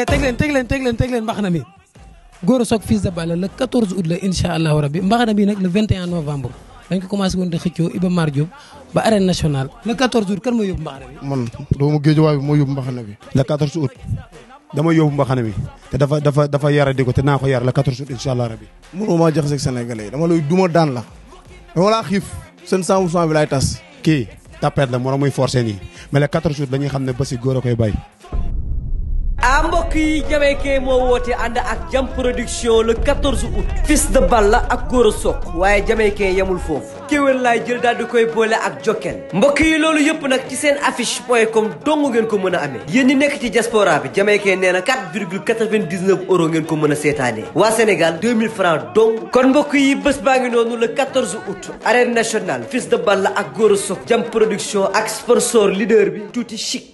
eh teg leen teg leen teg leen teg leen mbaxana mi Gora Sock Fils de Balla le 14 août la incha allahu rabi mbaxana bi nag le 21 novembre dañ ko commencé woon di xëccoo Iba Mar Diop ba arène nationale le 14 août kan moo yóbbu mbaxana bi. man doomu mbaxana bi. te dafa dafa dafa yara di ko te naa ko yar la 14 août incha allah rabi. mënoo maa jaxaseeg Sénégalais yi dama lay duma la dama laa xiif seen 100% bi laay tas. kii tapet la morom muy forcé nii mais le 14 xam ne ba si góor a koy bay ah mbokk yi jamaykee moo woote ànd ak jam production le 14 août fils de Balla ak Gora Sock waaye jamaykee yamul foofu kéwél laay jël daal di koy boole ak Jokkel mbokk yi loolu yëpp nag ci seen affiche point com dong ngeen ko mën a amee yéen ñi nekk ci diaspora bi jamaykee nee na 4 virgule 99 euros ngeen ko mën a seetaanee waa Sénégal 2000 francs dong kon mbokk yi bés baa ngi noonu le 14 août arène nationale fils de Balla ak Gora Sock jam production ak sponsor leader bi tuuti chic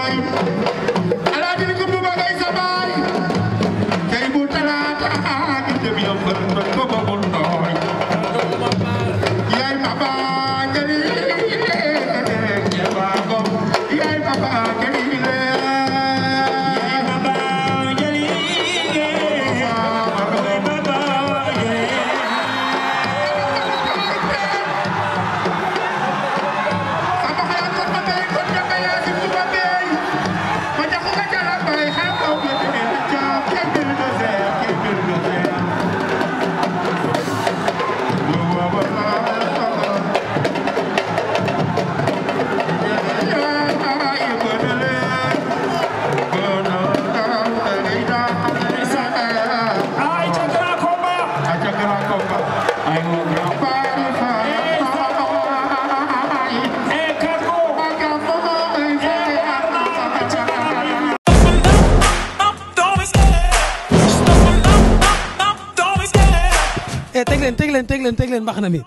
time. leen teg leen teg leen mbaxana mi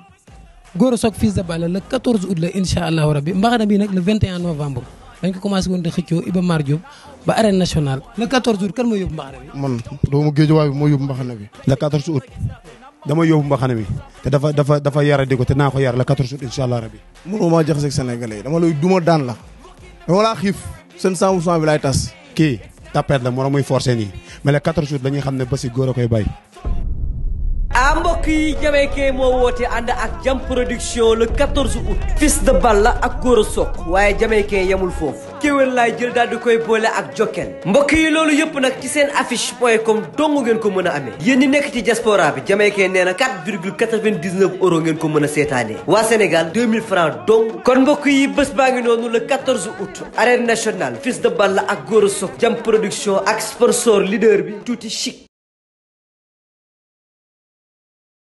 Gora Sock fils de Balla le 14 août la incha allahu rabbi mbaxana bi nag le 21 novembre dañ ko commencé woon di xëccoo Iba Mar Diop ba arène nationale le 14 août kan moo yóbbu mbaxana bi. man doomu dama yóbbu mbaxana te dafa dafa dafa yara di ko te naa ko yar le 14 août incha allah rabbi. mënoo maa jaxase ak sénégalais yi lay tas. kii tapet la morom muy forcé nii mais le 14 août xam ne ba si góor a koy bàyyi ah mbokk yi Jamaïcain moo woote ànd ak jam production le 14 août. Fils de Balla ak Gora Sock. waaye Jamaïcain yamul foofu. kéwél laay jël daal di koy boole ak Jokkel. mbokk yi loolu yëpp nag ci seen affiche point com dong ngeen ko mën a amee. yéen ñi nekk ci diaspora bi Jamaïcain nee na 4,99 euros ngeen ko mën a seetaanee. waa Sénégal 2000 francs dong. kon mbokk yi bés baa ngi noonu le 14 août. national nationale Fils de Balla ak Gora Sock. jam production ak sponsor leader bi tuuti chic.